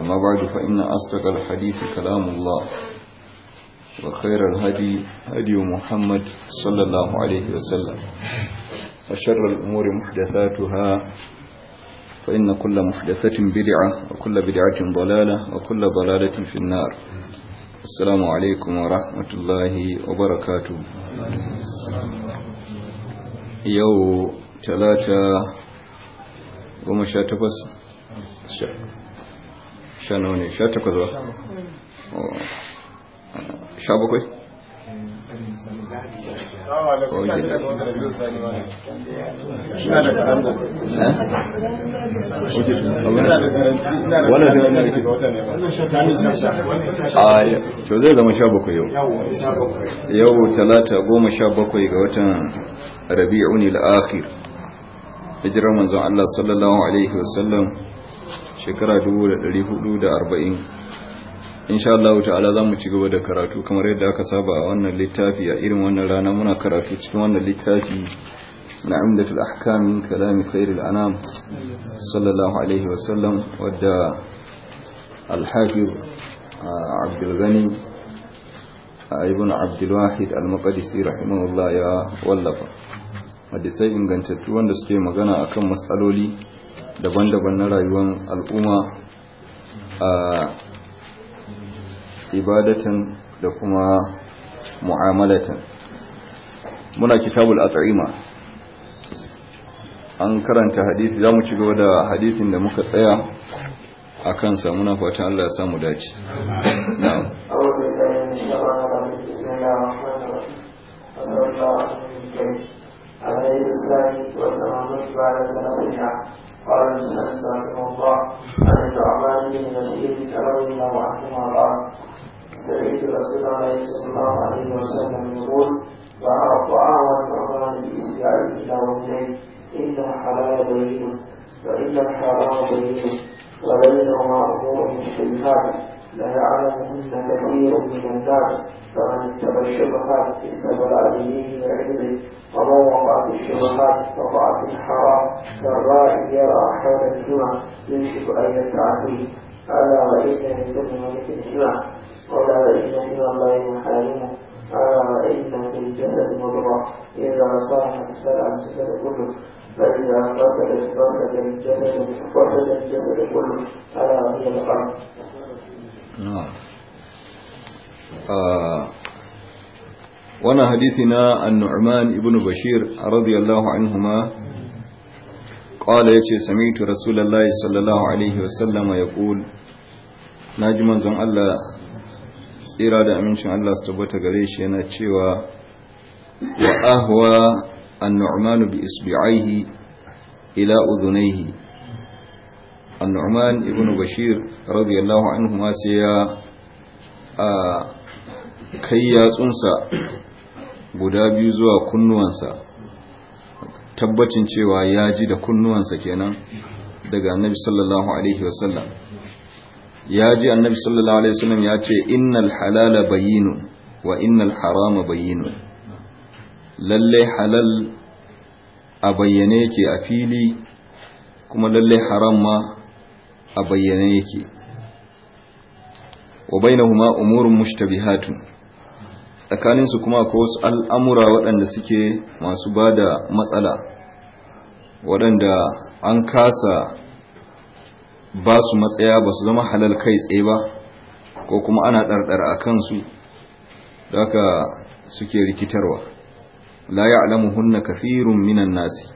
أما بعد فإن أصدق الحديث كلام الله وخير الهدي هدي محمد صلى الله عليه وسلم وشر الأمور محدثاتها فإن كل محدثة بدعة وكل بدعة ضلالة وكل ضلالة في النار السلام عليكم ورحمة الله وبركاته يو ثلاثة ومشاتبس الشهر sha nawa ne sha takwas ba sha bakwai to zai zama sha bakwai yau yau talata goma sha bakwai ga watan rabi'un al-akhir hijirar manzon Allah sallallahu alaihi wasallam shekara 1440 insha Allah ta'ala za mu ci gaba da karatu kamar yadda aka saba a wannan littafi a irin wannan rana muna karatu cikin wannan littafi na amdatul ahkam min kalami khairul anam sallallahu alaihi wa sallam wadda al-hafiz uh, Abdul Ghani uh, ibn Abdul Wahid al-Maqdisi rahimahullah ya wallafa hadisai ingantattu wanda suke magana akan matsaloli daban-daban na rayuwar al'umma a ibadatan da kuma mu'amalatan muna kitabul at'ima an karanta hadisi zamu ci gaba da hadisin da muka tsaya a kansa muna fatan Allah ya samu dace na'am قال المسلم رحمه الله عن النعمان بن يزيد كرمنا وعنهما قال سمعت رسول الله صلى الله عليه وسلم يقول دعا الطعام والطعام بالاستعاذ بالله وجهين ان الحلال بين فان الحرام بين وبينهما امور مشتبهات لا يعلم منه كثير من الناس فمن اتبع الشبهات اكتسب العليين علمه ومن وقع في الشبهات وقع في الحرام كالراعي يرى حول الجمع يوشك ان يسعى فيه الا وان من ثم مثلهما ولا وان من الله محارمه الا وان في الجسد مضغه اذا صاحت سلع الجسد كله فإذا فسد فسد الجسد وفسد الجسد كله ألا هي القلب wannan hadisi na annu'man ibn bashir radiyallahu anhuma qala yace sami'tu rasulullahi sallallahu alaihi wasallam yaqul naji manzon Allah tsira da amincin Allah su tabbata gare shi yana cewa wa ahwa annu'man bi isbi'ihi ila udhunayhi annu'man ibn bashir radiyallahu anhu ma sai ya kai yatsunsa guda biyu zuwa kunnuwansa tabbacin cewa ya ji da kunnuwansa kenan daga annabi sallallahu alaihi wasallam ya ji annabi sallallahu alaihi wasallam ya ce innal halala bayyinu wa innal harama bayyinu lalle halal a bayyane yake a fili kuma lalle haram ma a bayyane yake wa bainahuma umurun bi tsakanin Tsakaninsu kuma akwai wasu al'amura waɗanda suke masu bada matsala waɗanda an kasa ba su matsaya ba su zama halal kai tsaye ba ko kuma ana ɗarɗar a kansu da suke rikitarwa la hunna kafirun minan nasi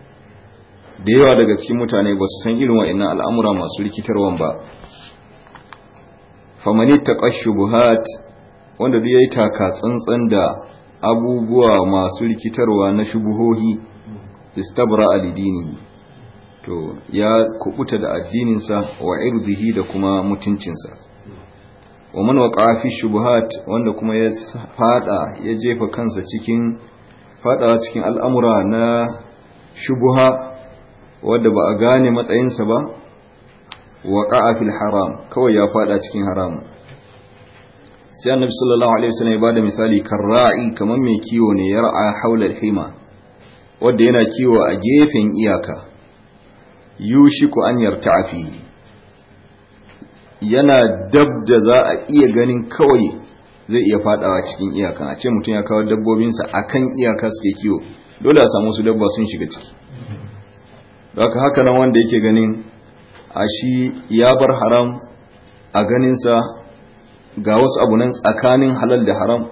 da yawa daga cikin mutane ba su san irin wa'annan al'amura masu rikitarwan ba famani buhat wanda duk yi taka tsantsan da abubuwa masu rikitarwa na shubuhohi istabra alidini to ya kubuta da addininsa wa irdihi da kuma mutuncinsa wa man waqa fi shubuhat wanda kuma ya fada ya jefa kansa cikin fada cikin al'amura na shubuha wadda ba a gane matsayinsa ba a fil haram kawai ya fada cikin haram sai annabi sallallahu alaihi wasallam ya bada misali karra'i kamar mai kiwo ne ya ra'a haula hima wanda yana kiwo a gefen iyaka yushiku an afi, yana dab da za a iya ganin kawai zai iya fadawa cikin iyaka. a ce mutum ya kawo dabbobinsa akan iyaka suke kiwo dole a samu su dabba sun shiga ciki haka haka nan wanda yake ganin a shi ya bar haram a ganinsa ga wasu abu nan tsakanin halal da haram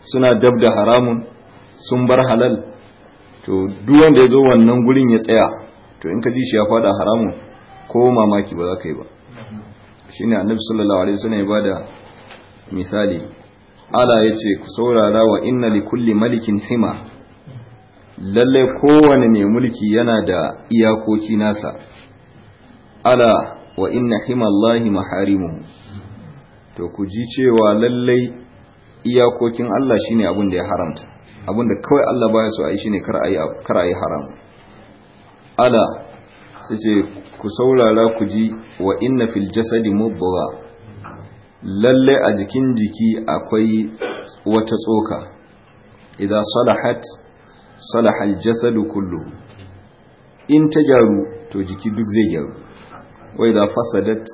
suna dab da haramun sun bar halal to duk wanda ya zo wannan gurin ya tsaya to in ka ji shi ya fada haramun ko mamaki ba za ka yi ba ne annabi sallallahu alaihi wasallam ya bada misali ala yace ku saurara wa inna kulli malikin hima lalle kowane mai mulki yana da iyakoki nasa ala wa inna himallahi maharimuhu to ku ji cewa lalle iyakokin Allah shine abin da ya haramta abin da kawai Allah baya so ai shine kar ai kar ai haram ala sai ce ku saurara ku ji wa inna fil jasadi mudghah lalle a jikin jiki akwai wata tsoka idan salahat salahal jasadu kullu in ta gyaru to jiki duk zai gyaru wai za fasadat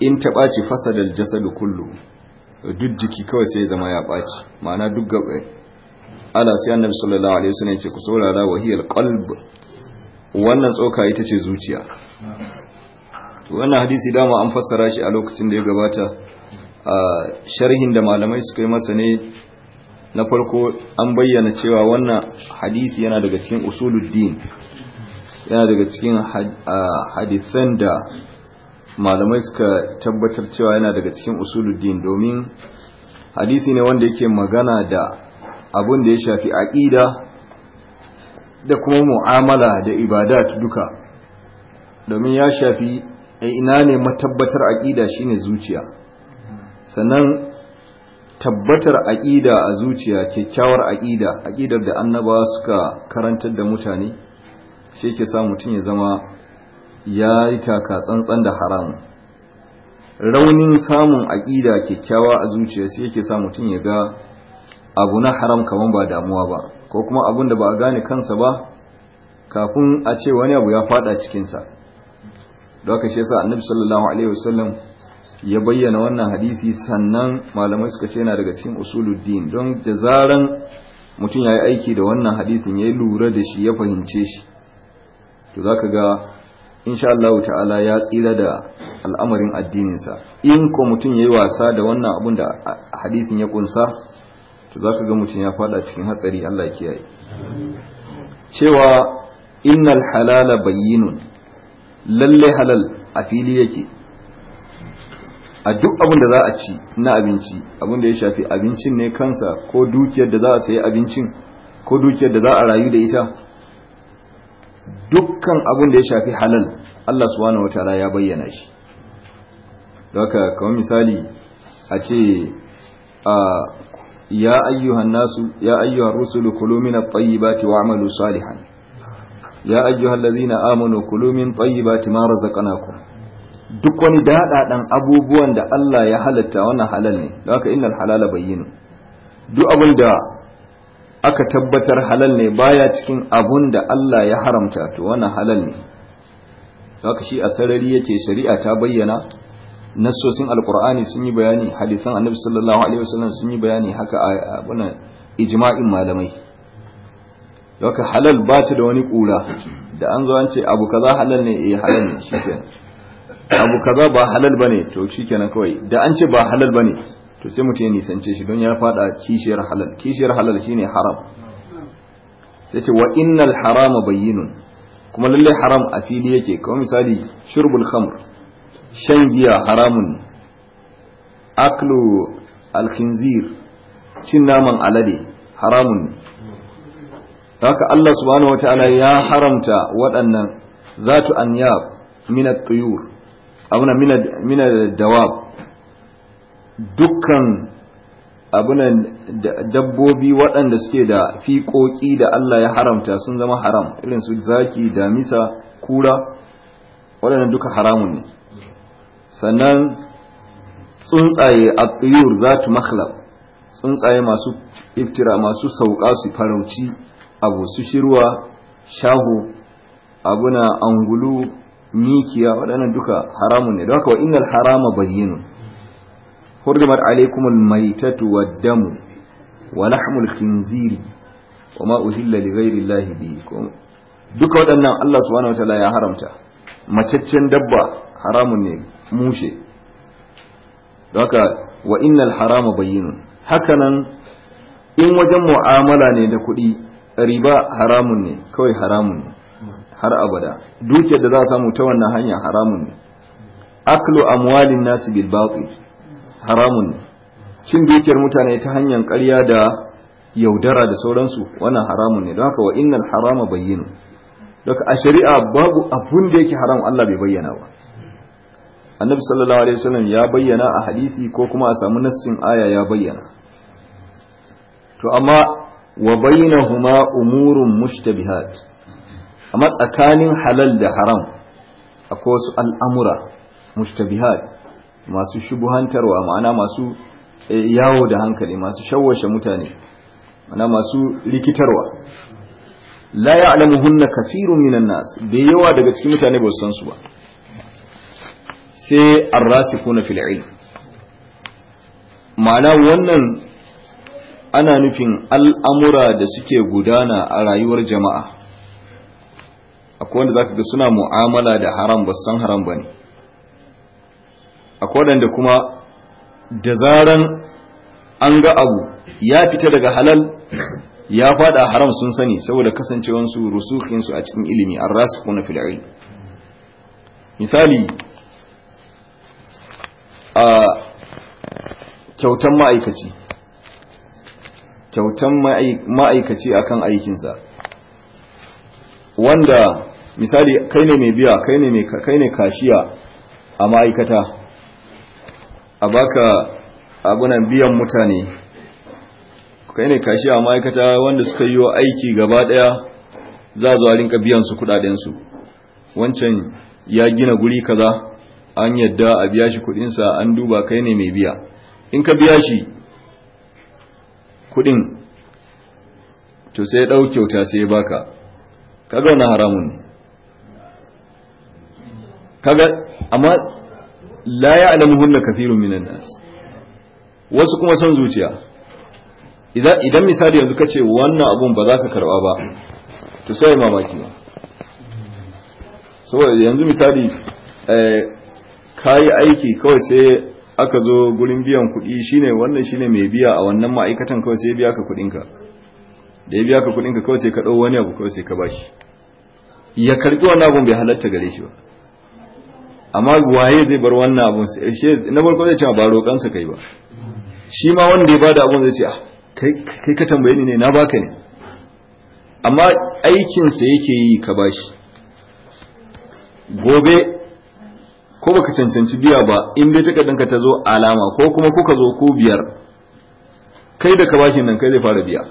in ta ɓaci fasadal jasadu kullu duk jiki kawai sai zama ya ɓaci ma'ana duk gaɓe ala sai annabi sallallahu alaihi wasallam ce ku saurara wahiyal qalb wannan tsoka ita ce zuciya to wannan hadisi dama an fassara shi a lokacin da ya gabata a sharhin da malamai suka yi masa ne na farko an bayyana cewa wannan hadisi yana daga cikin usuluddin yana daga cikin hadisan da malamai suka tabbatar cewa yana daga cikin usuluddin domin hadisi ne wanda yake magana da abun da ya shafi aƙida da kuma mu'amala da ibadat duka domin ya shafi eh, ina ne matabbatar aƙida shine zuciya sannan tabbatar aƙida a zuciya kyakkyawar aƙida aƙidar da annaba suka karantar da mutane shi ke sa mutum ya zama ya yi taka tsantsan da haram raunin samun aƙida kyakkyawa a zuciya shi yake sa mutum ya ga abu na haram kamar ba damuwa ba ko kuma abun da ba a gane kansa ba kafin a ce wani abu ya fada cikinsa da aka shi yasa annabi sallallahu alaihi wasallam ya bayyana wannan hadisi sannan malamai suka ce yana daga cikin usuluddin don da zaran mutum ya yi aiki da wannan hadisin ya yi lura da shi ya fahimce shi to za ka ga insha Allah ta'ala ya tsira da al'amarin addininsa in ko mutum ya yi wasa da wannan abun da hadisin ya kunsa to za ka ga mutum ya fada cikin hatsari Allah kiyaye cewa innal halala bayyinun lalle halal a fili yake a duk abin da za a ci na abinci abin da ya shafi abincin ne kansa ko dukiyar da za a sayi abincin ko dukiyar da za a rayu da ita dukkan abin da ya shafi halal Allah subhanahu wataala ya bayyana shi doka kamar misali a ce a ya ayyuhan nasu ya ayyuhan rusulu kulu min at-tayyibati wa'malu salihan ya ayyuhal ladzina amanu kulu min tayyibati ma razaqnakum duk wani daɗaɗan abubuwan da Allah ya halatta wannan halal ne da haka innal halala bayyinu duk abin da aka tabbatar halal ne baya cikin abun da Allah ya haramta to wannan halal ne da haka shi a sarari yake shari'a ta bayyana nassosin alqur'ani sun yi bayani hadisan annabi sallallahu alaihi wasallam sun yi bayani haka abuna ijma'in malamai da haka halal ba ta da wani kura da an zo an ce abu kaza halal ne eh halal ne shi kenan abu kaza ba halal bane to shikenan kawai da an ce ba halal bane to sai mutum ya nisance shi don ya fada kishiyar halal kishiyar halal shine haram sai ce wa innal harama bayyinun kuma lalle haram a fili yake kamar misali shurbul khamr shan giya haramun aklu alkhinzir cin naman alade haramun haka Allah subhanahu ta'ala ya haramta waɗannan zatu anyab min at-tuyur abuna mina dawab dukkan abuna dabbobi waɗanda suke da fiƙoƙi da Allah ya haramta sun zama haram irin su zaki damisa kura waɗannan duka haramun ne sannan tsuntsaye a tsayur za tu makhlab tsuntsaye masu iftira masu sauka su farauci abu su shirwa shahu abuna angulu mikiya waɗannan duka haramun ne don haka wa innal harama bayyinun hurrimat alaykumul maytatu wad-damu wa lahmul khinziri wa ma uhilla li ghayri llahi bi duka waɗannan Allah subhanahu ta'ala ya haramta macaccen dabba haramun ne mushe don haka wa innal harama bayyinun hakanan in wajen mu'amala ne da kuɗi riba haramun ne kawai haramun ne har abada dukiyar da za a samu ta wannan hanya haramun ne aklu amwalin nasi bil batil haramun ne cin dukiyar mutane ta hanyar ƙarya da yaudara da sauransu wannan haramun ne don haka wa innal harama bayyinu don a shari'a babu abun da yake haram Allah bai bayyana ba annabi sallallahu alaihi wasallam ya bayyana a hadisi ko kuma a samu nassin aya ya bayyana to amma wa bainahuma umurun mushtabihat amma tsakanin halal da haram akwai wasu al'amura mushtabihat masu shubuhantarwa ma'ana masu eh, yawo da hankali masu shawwashe mutane ma'ana masu rikitarwa la ya hunna kathirun minan nas da yawa daga cikin mutane ba san su ba sai arrasikuna na fil'il ma'ana wannan ana nufin al'amura da suke gudana a rayuwar jama'a akwai wanda zaka ga suna mu'amala da haram ba san haram ba ne akwai wanda kuma da zaran an ga abu ya fita daga halal ya fada haram sun sani saboda kasancewansu su a cikin ilimi an rasu kuna misali a kyautan ma'aikaci kyautan ma'aikaci akan aikinsa wanda misali kai ne mai biya kai ne kai ne kashiya a ma'aikata a baka abunan biyan mutane kai ne kashiya a ma'aikata wanda suka yi wa aiki gaba daya za zuwa rinka biyan su kudaden su wancan ya gina guri kaza an yadda a biya shi sa an duba kai ne mai biya in ka biya shi kudin to sai ya kyauta sai baka kaga wani haramun ne kaga amma la ya ya'lamuhunna kathirun minan nas wasu kuma son zuciya idan idan misali yanzu kace wannan abun ba za ka karba ba to sai mamaki ba saboda yanzu misali eh, kayi aiki kawai sai aka zo gurin biyan kuɗi shine wannan shine mai biya a wannan ma'aikatan kawai sai biya ka kuɗinka da ya biya ka kuɗinka kawai sai ka ɗau wani abu kawai sai ka bashi ya karɓi wannan abun bai halatta gare shi ba amma waye zai bar wannan abun na farko zai ce ba roƙansa kai ba shi ma wanda ya bada abun zai ce ah, kai ka tambaye ni ne na baka ne amma aikinsa yake yi ka bashi gobe ko baka cancanci biya ba in dai takardanka ta zo alama ko kuma kuka zo ko biyar kai da ka bashi nan kai zai fara biya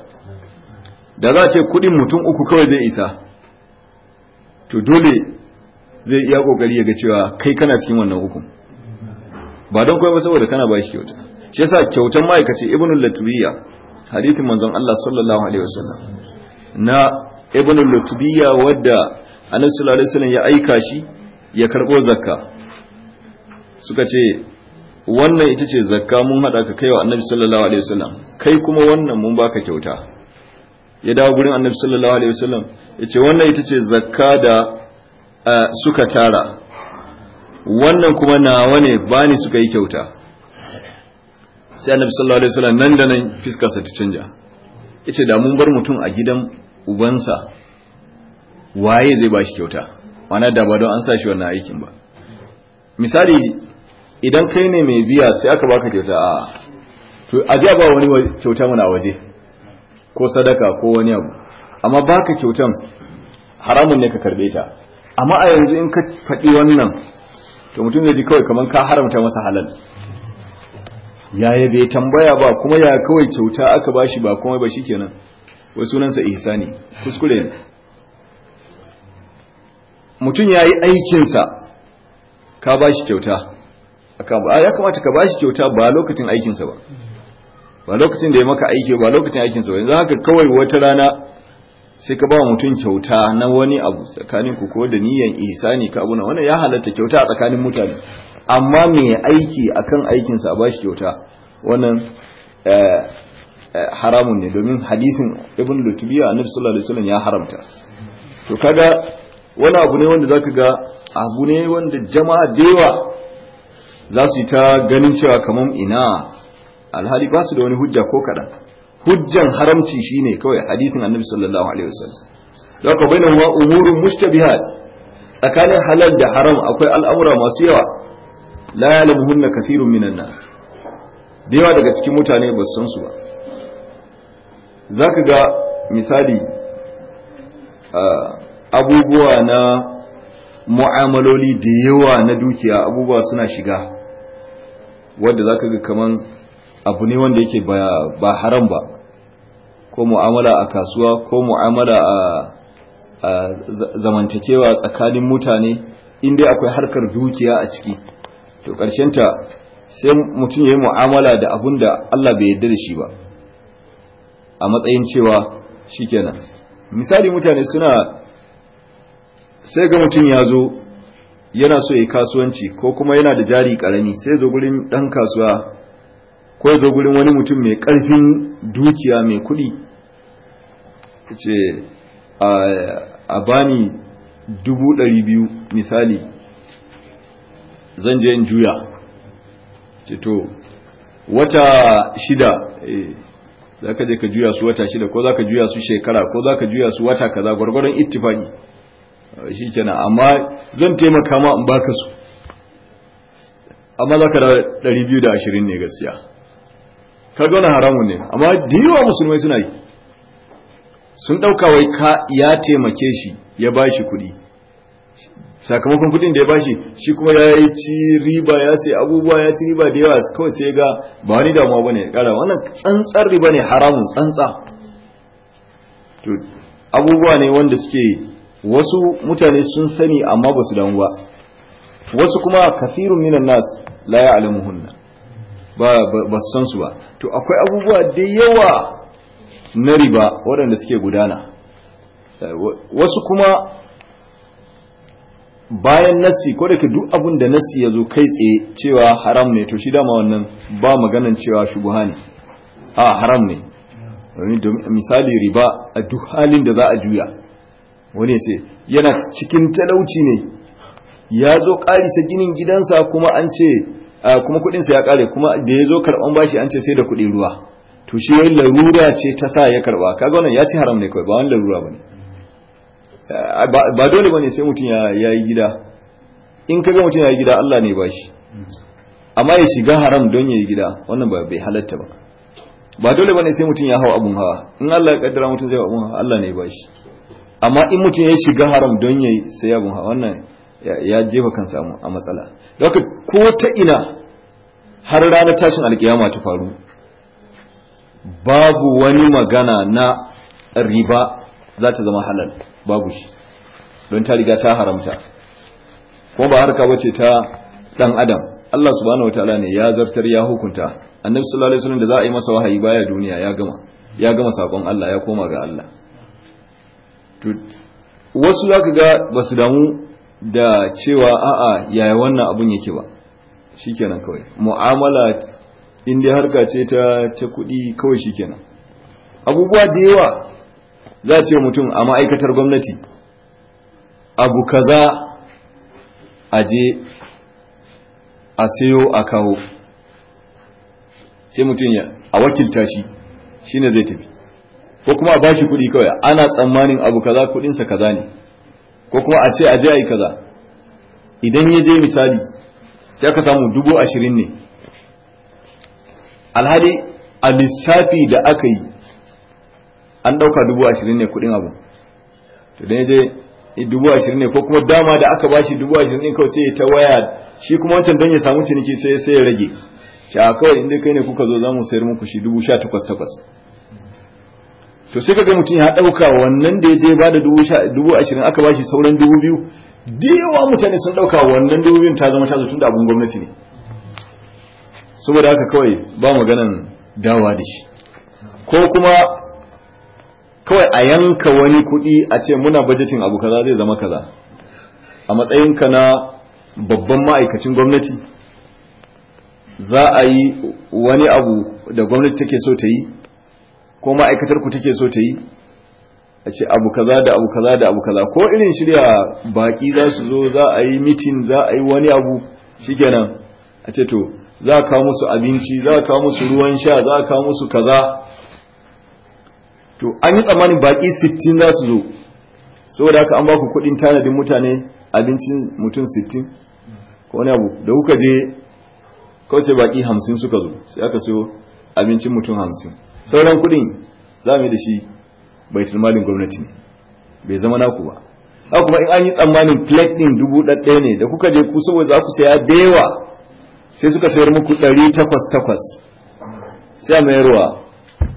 da za a ce kudin mutum uku kawai zai isa to dole zai iya kokari ya ga cewa kai kana cikin wannan hukum. ba don koyi ba saboda kana ba shi kyauta shi yasa kyautan ma'aikaci Ibnu latubiya hadithin manzon Allah sallallahu alaihi wasallam na Ibnu latubiya wadda annabi sallallahu alaihi wasallam ya aika shi ya karbo zakka suka ce wannan ita ce zakka mun hada ka kaiwa annabi sallallahu alaihi wasallam kai kuma wannan mun baka kyauta ya dawo gurin annabi sallallahu alaihi wasallam ya ce wannan ita ce zakka da suka tara wannan kuma nawa ne bani suka yi kyauta sai annabi sallallahu alaihi wasallam nan da nan sa ta canja yace da mun bar mutum a gidan ubansa waye zai ba shi kyauta mana da ba don an sa shi wannan aikin ba misali idan kai ne mai biya sai aka baka kyauta a to a ba wani kyauta muna waje ko sadaka ko wani abu amma baka kyautan haramun ne ka karbe ta amma a yanzu in ka faɗi wannan to mutum zai ji kawai kamar ka haramta masa halal ya yi bai tambaya ba kuma ya kawai kyauta aka bashi ba kuma ba kenan wai sunansa ihsani kuskure ne mutum ya yi aikinsa ka bashi kyauta ya kamata ka bashi kyauta ba lokacin aikinsa ba ba lokacin da ya maka aiki ba lokacin aikinsa ba yanzu haka kawai wata rana sai ka ba wa mutum kyauta na wani abu tsakanin ku ko da niyan ihsani ka abu na wannan ya halatta kyauta a tsakanin mutane amma me aiki akan aikinsa a shi kyauta wannan eh, eh, haramun ne domin hadithin ibn lutubiya annabi sallallahu alaihi wasallam ya haramta to kaga wani abu ne wanda zaka ga abu ne wanda jama'a dewa za su yi ta ganin cewa kamar ina alhali ba su da wani hujja ko kaɗan hujjan haramci shine kawai hadisin annabi sallallahu alaihi wasallam don ka bayyana umurun mushtabihat tsakanin halal da haram akwai al'amura masu yawa la ya'lamuhunna kathirun minan nas da yawa daga cikin mutane ba su san su ba zaka ga misali abubuwa na mu'amaloli da yawa na dukiya abubuwa suna shiga wadda zaka ga kaman abu ne wanda yake ba haram ba ko mu'amala a kasuwa ko mu'amala a zamantakewa tsakanin mutane inda akwai harkar dukiya a ciki to ƙarshen ta sai mutum ya yi mu'amala da abun da Allah bai yarda da shi ba a matsayin cewa shikenan misali mutane suna sai ga mutum ya zo yana so ya kasuwanci ko kuma yana da jari karami sai zo gurin dan kasuwa ko ya zo gurin wani mutum mai karfin dukiya mai kuɗi ce a bani dubu ɗari biyu misali zan je in juya ce to wata shida eh, za ka je ka juya su wata shida ko za ka juya su shekara ko za ka juya su wata kaza gwargwaron ittifaki shi kenan amma zan taimaka ma in baka su amma za ka da 220 ne gaskiya kaga wani haramun ne amma da yawa musulmai suna yi sun ɗauka wai ka ya taimake shi ya ba shi kuɗi sakamakon kuɗin da ya ba shi shi kuma ya yi ci riba ya sai abubuwa ya ci riba da yawa kawai sai ga ba wani damuwa ba ne ƙara wannan tsantsar riba ne haramun tsantsa abubuwa ne wanda suke wasu mutane sun sani amma ba su damu ba wasu kuma kafirun minan nas la ya ya'lamuhunna ba ba san su ba to akwai abubuwa da yawa na riba waɗanda suke gudana eh, wasu kuma bayan nasi ko da ke duk abin da nasi ya zo kai tsaye cewa haram ne to shi dama wannan ba maganan cewa shubuha ne a haram ne misali riba a duk halin da za a juya wani ce yana cikin talauci ne ya zo ƙarisa ginin gidansa kuma an ce kuma kudin sa ya kare kuma da ya zo bashi an ce sai da kuɗin ruwa to shi wai larura ce ta sa ya karɓa kaga wannan ya ci haram ne kai ba wani larura bane ba dole bane sai mutum ya yi gida in kaga mutum ya yi gida Allah ne bashi amma ya shiga haram don ya yi gida wannan ba bai halatta ba ba dole bane sai mutum ya hawa abun hawa in Allah ya kaddara mutun zai hawa abun hawa Allah ne bashi amma in mutum ya shiga haram don ya yi sai abun hawa wannan ya jefa kansa a matsala daga ko ta ina har ranar tashin alkiyama ta faru babu wani magana na riba za ta zama halal babu shi don ta riga ta haramta ko ba harka wace ta dan adam Allah subhanahu ta'ala ne ya zartar ya hukunta annabi sallallahu alaihi wasallam da za a yi masa wahayi baya duniya ya gama ya gama sakon Allah ya koma ga Allah wasu za ga ba su damu da cewa a'a yaya wannan abun yake ba shikenan kawai mu'amala in dai harka ce ta ta kuɗi kawai shikenan abubuwa da yawa za a ce mutum a ma'aikatar gwamnati abu kaza a je a sayo a kawo sai mutum ya a wakilta shi shine zai tafi ko kuma a bashi kuɗi kawai ana tsammanin abu kaza kuɗinsa kaza ne ko kuma a ce a je a yi kaza idan ya je misali sai aka samu dubu ashirin ne alhali a lissafi da aka yi an ɗauka dubu ashirin ne kuɗin abu to dan ya je eh, dubu ashirin ne ko kuma dama da aka bashi dubu ashirin ɗin kawai sai ta waya shi kuma wancan don ya samu ciniki sai ya rage Sha kawai inda kai ne kuka zo za mu sayar muku shi dubu sha takwas takwas to sai kaga mutum ya dauka wannan da ya je ba da dubu ashirin aka bashi sauran dubu biyu mutane sun dauka wannan dubu ta zama ta tun da abun gwamnati ne saboda haka kawai ba maganan dawa da shi ko kuma kawai a yanka wani kuɗi a ce muna bajetin abu kaza zai zama kaza a matsayinka na babban ma'aikacin gwamnati za a yi wani abu da gwamnati take so ta yi ko ma'aikatar ku take so ta yi a ce abu kaza da abu kaza da abu kaza ko irin shirya baki za su zo za a yi mitin za a yi wani abu shikenan a ce to za a kawo musu abinci za a kawo musu ruwan sha za a kawo musu kaza to an yi tsammanin baki 60 za su zo saboda haka an ba ku kudin tanadin mutane abincin mutum 60 ko wani abu da kuka je kawai sai baki 50 suka zo sai aka sayo abincin mutum 50 sauran kuɗin za mu yi da shi bai malin gwamnati ne bai zama naku ba a kuma in an yi tsammanin plate din dubu ɗaɗɗaya ne da kuka je ku saboda za ku saya da yawa sai suka sayar muku ɗari takwas takwas sai a mayarwa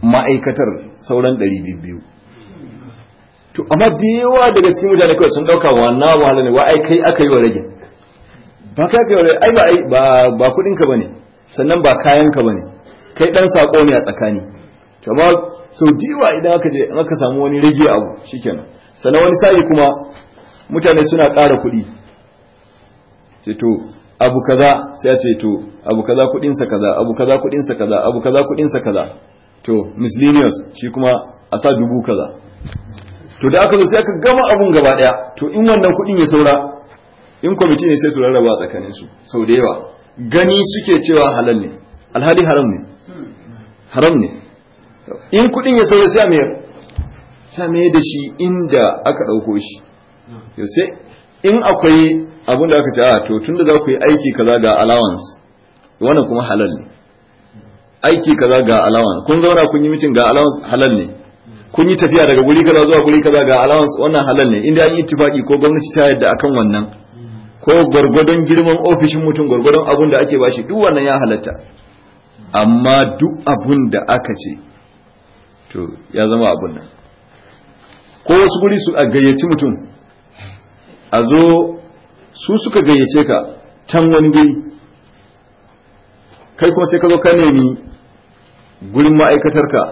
ma'aikatar sauran ɗari biyu biyu to amma da yawa daga cikin mutane kawai sun ɗauka wa na wahala ne wa ai kai aka yi wa rage ba kai yi wa rage ai ba ba ne. bane sannan ba kayanka ba ne. kai ɗan saƙo ne a tsakani kamar sau diwa idan aka je aka samu wani rage abu shikenan sannan wani sa'i kuma mutane suna ƙara kuɗi ce to abu kaza sai ce to abu kaza kuɗinsa kaza abu kaza kuɗinsa kaza abu kaza kuɗinsa kaza to miscellaneous shi kuma a sa dubu kaza to da aka zo sai aka gama abun gaba daya to in wannan kuɗin ya saura in kwamiti ne sai su rarraba tsakanin su sau da yawa gani suke cewa halal ne alhali haram ne haram ne in kudin ya sauya sai mayar sai mayar da shi inda aka ɗauko shi yau sai in akwai abin da aka ce a ah, to tunda za ku yi aiki kaza ga allowance wannan kuma halal ne aiki kaza ga allowance kun zauna kun yi mitin ga allowance halal ne kun yi tafiya daga guri kaza zuwa guri kaza ga allowance wannan halal ne inda an yi ittifaki ko gwamnati ta yadda akan wannan ko gwargwadon girman ofishin mutum gwargwadon abun da ake bashi duk wannan ya halatta amma duk abun da aka ce to ya zama abun nan ko wasu guri su a gayyaci mutum a zo su suka gayyace ka can wani guri kai kuma sai ka zo ka nemi gurin ma'aikatarka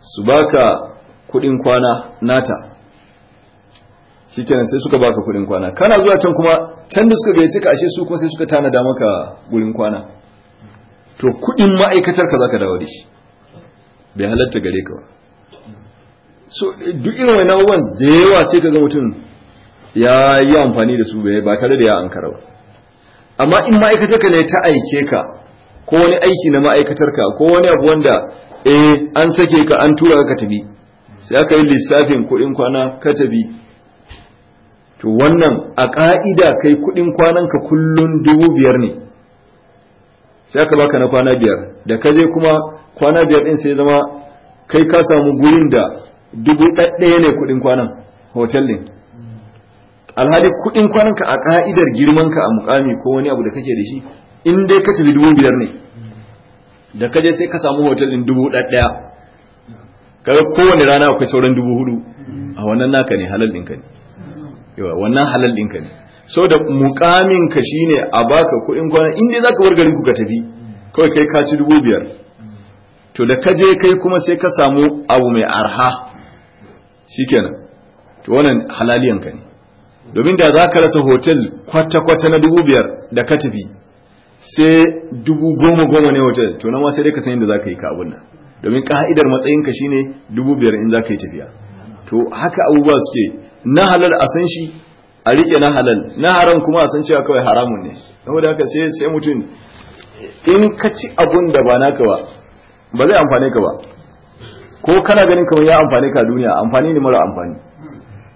su baka kudin kwana nata shi kenan sai suka baka kudin kwana kana zuwa can kuma can da suka gayyace ka ashe su kuma sai suka tana maka gurin kwana to kudin ma'aikatarka ka dawo da shi bai halatta gare ka ba so duk irin wani abubuwan da yawa sai ka ga mutum ya yi amfani da su ba tare da ya an ba amma in ma'aikatar ka ne ta aike ka ko wani aiki na ma'aikatar ka ko wani abu wanda eh an sake ka an tura ka katabi sai aka yi lissafin kuɗin kwana ka to wannan a ka'ida kai kuɗin kwanan ka kullum dubu biyar ne sai aka baka na kwana biyar da ka je kuma kwana biyar din sai zama kai ka samu gurin da dubu ɗaya ne kuɗin kwanan hotel din alhali kuɗin kwanan ka a ka'idar girman ka a mukami ko wani abu da kake da shi in dai ka tafi dubu biyar ne da ka je sai ka samu hotel din dubu ɗaya kaga kowane rana akwai sauran dubu hudu a wannan naka ne halal ɗinka ne wannan halal ɗinka ne so da mukamin ka shine a baka kuɗin kwana in dai zaka bar garin ku ka tafi kawai kai ka ci dubu biyar to da ka je kai kuma sai ka samu abu mai arha shikenan to wannan halaliyan ka ne domin da za ka rasa hotel kwata-kwata na dubu biyar da ka tafi sai dubu goma goma ne hotel to nan ma sai dai ka san yadda za ka yi ka abun nan domin ka'idar matsayinka shine dubu biyar in za ka yi tafiya to haka abubuwa suke na halar a san shi a rike na halal na haram kuma a san cewa kawai haramun ne saboda haka sai sai mutum in ka ci abun da ba naka ba ba zai amfane ka ba ko kana ganin kamar ya amfane ka duniya amfani ne mara amfani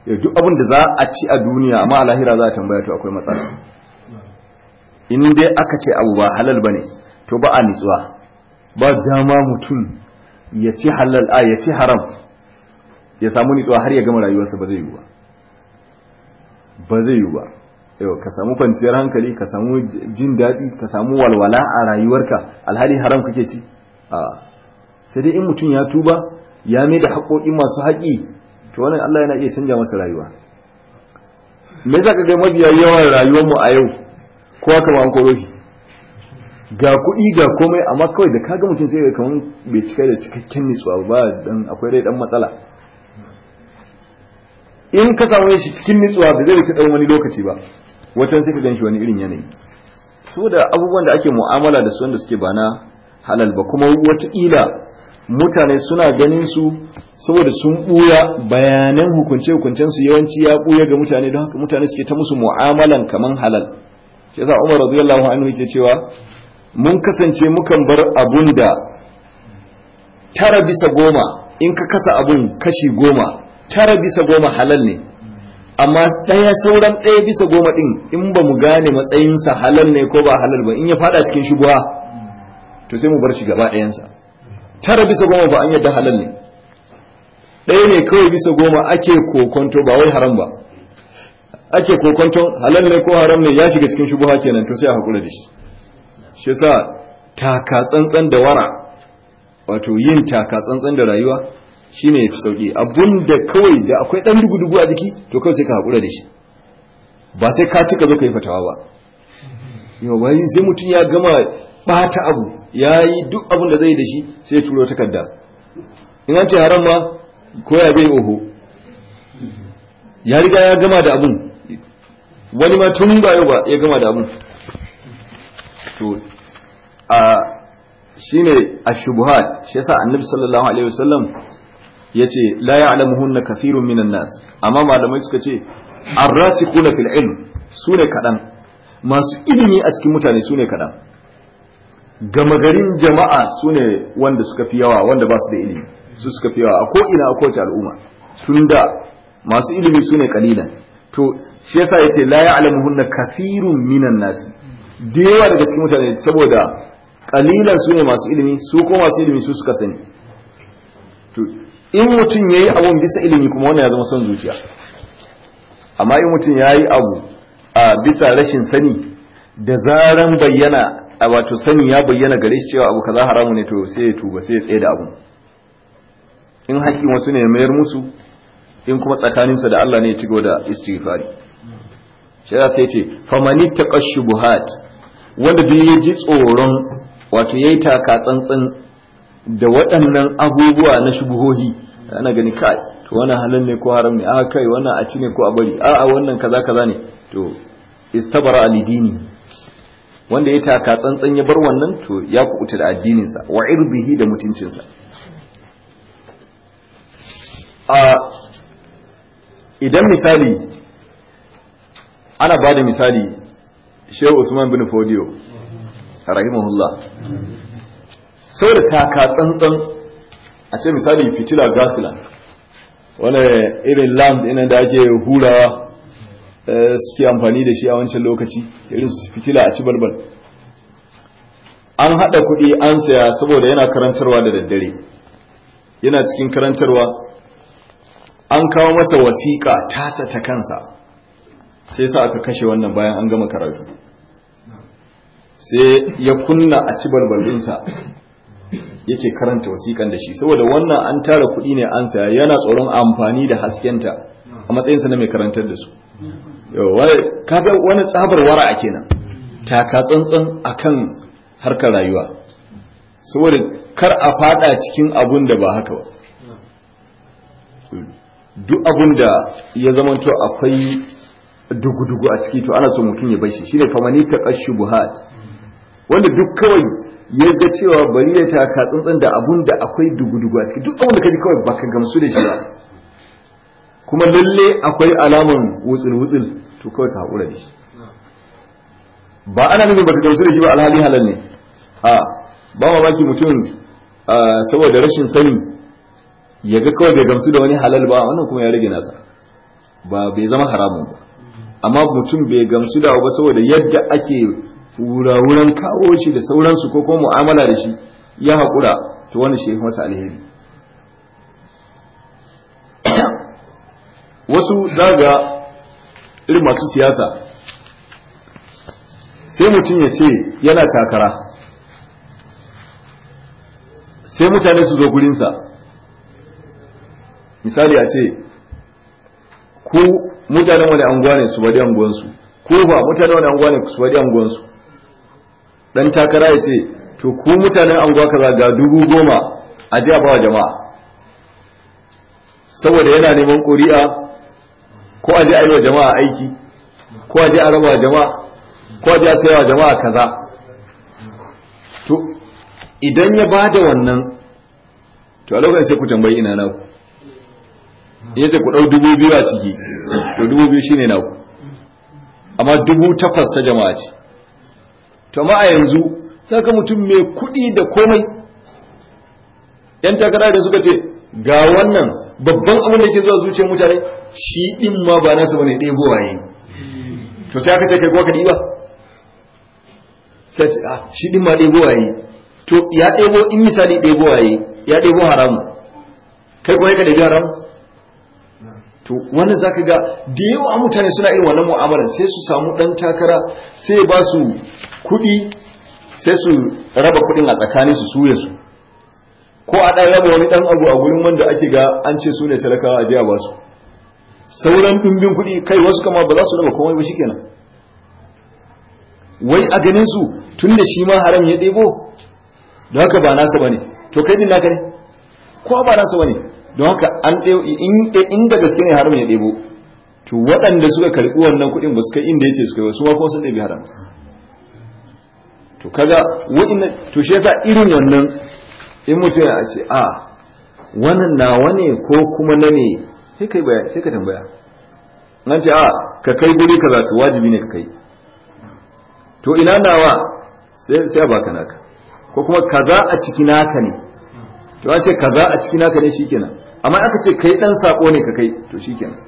duk abun da za a ci a duniya amma a lahira za a tambaya to akwai matsala in dai aka ce abu ba halal ba ne to ba a nutsuwa ba dama mutum ya ci halal a ya ci haram ya samu nutsuwa har ya gama rayuwarsa ba zai yi ba ba zai yi ba yau ka samu kwanciyar hankali ka samu jin daɗi ka samu walwala a rayuwarka alhali haram kake ci a sai dai in mutum ya tuba ya mai da haƙoƙi masu haƙi to wannan Allah yana iya canja masa rayuwa me yasa ka ga mabiya yawan rayuwar mu a yau kowa aka an ko ga kuɗi ga komai amma kawai da kaga mutum sai kamar bai cika da cikakken nutsuwa ba dan akwai dai dan matsala in ka samu shi cikin nutsuwa ba zai wuce dan wani lokaci ba watan sai ka ganshi wani irin yanayi saboda abubuwan da ake mu'amala da su wanda suke ba na halal ba kuma wata ila mutane suna ganin su saboda sun buya bayanan hukunce hukuncen su yawanci ya buya ga mutane don haka mutane suke ta musu mu'amalan kaman halal shi yasa Umar radiyallahu anhu yake cewa mun kasance mukan bar abun da tara bisa goma in ka kasa abun kashi goma tara bisa goma halal ne amma ɗaya sauran ɗaya bisa goma ɗin in ba mu gane matsayinsa halal ne ko ba halal ba in ya fada cikin shubuha to sai mu bar shi gaba ɗayansa tara bisa goma ba an yadda halal ne ɗaya ne kawai bisa goma ake kokonto ba wai haram ba ake kokonto halal ne ko haram ne ya shiga cikin shubuha kenan to sai a hakura da shi shi sa taka tsantsan da wara wato yin taka tsantsan da rayuwa Shi ne fi sauki abinda kawai da akwai ɗan dugudugu a jiki to kawai sai ka haƙura da shi ba sai ka cika zo ka yi fatawa ba yau bayan sai mutum ya gama ɓata abu ya yi duk abin da zai da shi sai ya turo takarda in an ce haram ma ko ya bai oho ya riga ya gama da abun wani ma tun ba yau ba ya gama da abun to a shine ashubuhat shi yasa annabi sallallahu alaihi wasallam yace la ya'lamuhunna kathirun minan nas amma malamai suka ce arrasikuna fil ilm sune kadan masu ilimi a cikin mutane sune kadan gama garin jama'a sune wanda suka fi yawa wanda ba su da ilimi su suka fi yawa a ko ina a kowace al'umma sun da masu ilimi sune kalilan to shi yasa yace la ya'lamuhunna kathirun minan nas da yawa daga cikin mutane saboda kalilan sune masu ilimi su ko masu ilimi su suka sani in mutum ya yi abun bisa ilimi kuma wannan ya zama son zuciya amma in mutum ya yi abu a bisa rashin sani da zaran bayyana a wato sani ya bayyana gare shi cewa abu kaza haramu ne to sai ya tuba sai ya tsaye da abun in haƙƙin wasu ne mayar musu in kuma tsakaninsa da Allah ne ya cigo da istighfari shi ya sai ce famani taqashshubuhat wanda duk ya ji tsoron wato yayi taka tsantsan da waɗannan abubuwa na shubuhohi ana gani kai wannan halal ne ko haram ne a kai wannan a ci ne ko a bari a a wannan kaza kaza ne to istabara alidini wanda ya taka tsantsan ya bar wannan to ya kubuta da addininsa wa irbihi da mutuncinsa a idan misali ana ba da misali shehu usman bin fodiyo rahimahullah saboda taka tsantsan a ce misali fitila gasila wani irin lamb ina da ake hurawa eh, suke amfani da shi a wancan lokaci irin su fitila a ci balbal an haɗa kuɗi an saya saboda yana karantarwa da daddare yana cikin karantarwa an kawo masa wasiƙa tasa ta kansa sai sa aka kashe wannan bayan an gama karatu sai ya kunna a ci balbalinsa yake karanta wasiƙan da shi saboda wannan an tara kuɗi ne an saya yana tsoron amfani da haskenta a matsayinsa na mai karantar da su kaga wani tsabar wara a kenan taka tsantsan akan harkar rayuwa saboda kar a fada cikin abun da ba haka ba duk abun da ya zamanto akwai dugu-dugu a ciki to ana so mutum ya bashi shi shine famani ta kashu Buhari wanda duk kawai ya ga cewa bari ya taka tsantsan da abun da akwai dugudugu a ciki duk abun da kaji kawai baka gamsu da shi ba kuma lalle akwai alaman wutsil wutsil to kawai ka haƙura da shi ba ana nufin baka gamsu da shi ba alhali halal ne a ba baki mutum saboda rashin sani ya ga kawai bai gamsu da wani halal ba wannan kuma ya rage nasa ba bai zama haramun ba amma mutum bai gamsu da ba saboda yadda ake wurin kawo shi da sauransu ko kuma mu'amala da shi ya haƙura to wani shi masa alheri wasu daga irin masu siyasa sai mutum ya ce yana takara sai mutane su zo gurinsa misali a ce ku mutanen wani anguwa ne su bari anguwansu ko ba mutanen wani anguwa ne su bari anguwansu dan takara ya ce to ku mutanen anguwa kaza ga dubu goma a ji a bawa jama'a saboda yana neman ƙuri'a ko a ji a yi wa jama'a aiki ko a ji a raba jama'a ko a ji a sayawa jama'a kaza to idan ya ba da wannan to a lokacin sai ku tambayi ina ku ya ce ku ɗau dubu biyu a ciki to dubu biyu shine naku amma dubu takwas ta jama'a ce to ma a yanzu sai ka mutum mai kuɗi da komai yan takara da suka ce ga wannan babban abin da ke zuwa zuciyar mutane shi din ma ba nasu bane ɗebo waye to sai aka ce kai kuwa ka ɗiba sai a ah, shi din ma ɗebo waye to ya ɗebo in misali ɗebo waye ya ɗebo haramu kai kuwa ka ɗebi haramu to wannan zaka ga da yawa mutane suna irin wannan mu'amalar sai su samu ɗan takara sai ba su kuɗi sai su raba kuɗin a tsakanin su suye su ko a ɗan raba wani ɗan abu a gurin wanda ake ga an ce su ne talakawa a jiya basu su sauran ɗumbin kuɗi kai wasu kama ba za su raba komai ba shikenan wai a ganin su tun da shi ma haram ya ɗebo don haka ba nasa ba ne to kai din naka ne ko ba nasa ba ne don haka an in da gaske ne haram ya ɗebo to waɗanda suka karɓi wannan kuɗin ba su kai inda ya ce suka yi wasu ma ko sun ɗebi haram to kaga wa'innan to shi yasa irin wannan in mutum ya ce a ah, wannan nawa ne ko kuma na ne sai kai baya sai ka tambaya nan ce a ah, ka kai guri kaza to wajibi ne ka kai to ina nawa sai sai baka naka ko kuma kaza a cikin naka ne to a ce kaza a cikin naka ne shikenan amma aka ce kai dan sako ne ka kai to shikenan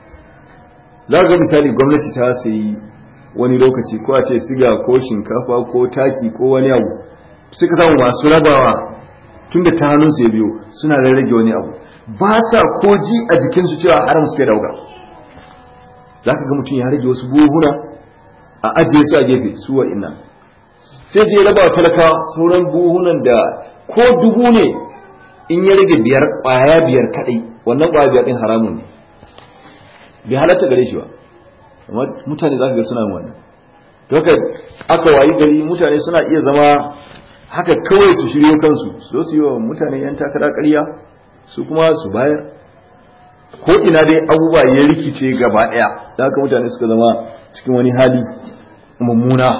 za ga misali gwamnati ta sai. wani lokaci ko a ce siga ko shinkafa ko taki ko wani abu sai ka samu masu rabawa tun da ta su ya biyo suna rage wani abu ba sa ko ji a jikinsu cewa haram suke dauka za ka ga mutum ya rage wasu buhuna a ajiye su a gefe su wa ina sai je raba talaka sauran buhunan da ko dubu ne in ya rage biyar kwaya biyar kadai wannan kwaya biyar din haramun ne bai halatta gare shi ba mutane za ka ga suna wani to aka wayi gari mutane suna iya zama haka kawai su shirya kansu so su yi wa mutane yan takara karya su kuma su bayar ko ina dai abubuwa ya rikice gaba daya da haka mutane suka zama cikin wani hali mummuna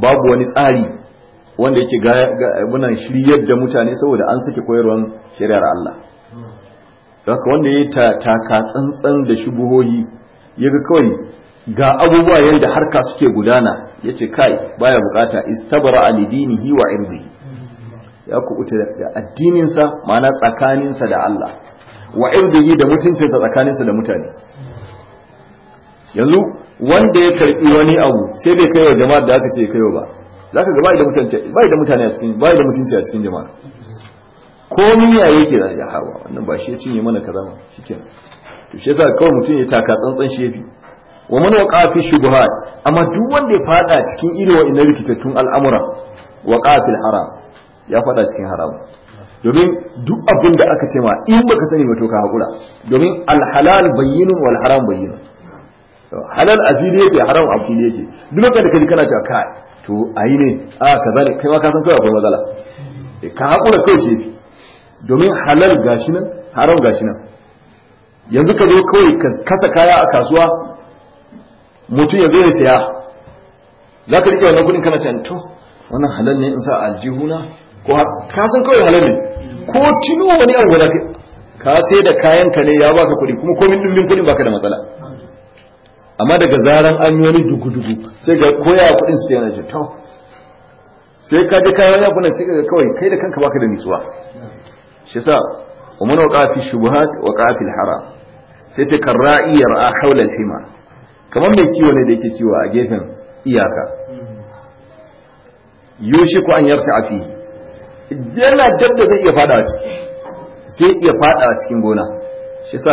babu wani tsari wanda yake muna shiryar da mutane saboda an sake koyarwar shari'ar Allah haka wanda ya yi taka tsantsan da shubuhohi ya ga kawai ga abubuwa yadda harka suke gudana ya ce kai baya bukata istabara alidinihi wa irbi ya kubuta da addininsa ma'ana tsakaninsa da Allah wa irbihi da mutuncinsa tsakaninsa da mutane yanzu wanda ya karbi wani abu sai bai kaiwa jama'ar da aka ce kaiwa ba zaka ga bai da bai da mutane a cikin bai da mutunci a cikin jama'a ko miya yake da ya hawa wannan ba shi ya cinye mana kaza ba shikenan to shi yasa kawai mutum ya taka tsantsan shi bi wa man waqa fi shubuhat amma duk wanda ya fada cikin irin wa'annan rikitattun al'amura waqa fil haram ya fada cikin haram domin duk abin da aka ce ma in baka sani ba to ka hakura domin alhalal bayyinun wal haram bayyinun halal a fili yake haram a fili yake duk lokacin da kaji kana cewa kai to ayi ne a kaza ne kai ma ka san kawai akwai matsala eh, ka hakura kawai ce domin halal gashi nan haram gashi nan yanzu ka zo kawai ka kasa kaya a kasuwa mutum ya zo ya saya za ka riƙe wannan kudin kana can to wannan halal ne in sa aljihuna ko ka san kawai halal ne ko tuno wani abu da ka sai da kayan ka ne ya baka kuɗi kuma komin ɗumbin kudin baka da matsala amma daga zaran an yi wani dugu-dugu sai ga koya kuɗin su yana ce to sai ka je kayan ya kuna sai ka kawai kai da kanka baka da nutsuwa shi yasa wa man shubuhat waqa fi haram sai ce karra'i a haular hima kamar mai kiwo ne da yake kiwo a gefen iyaka ku an yarta fihi yana dab da zai iya fada ciki zai iya fada cikin gona shi sa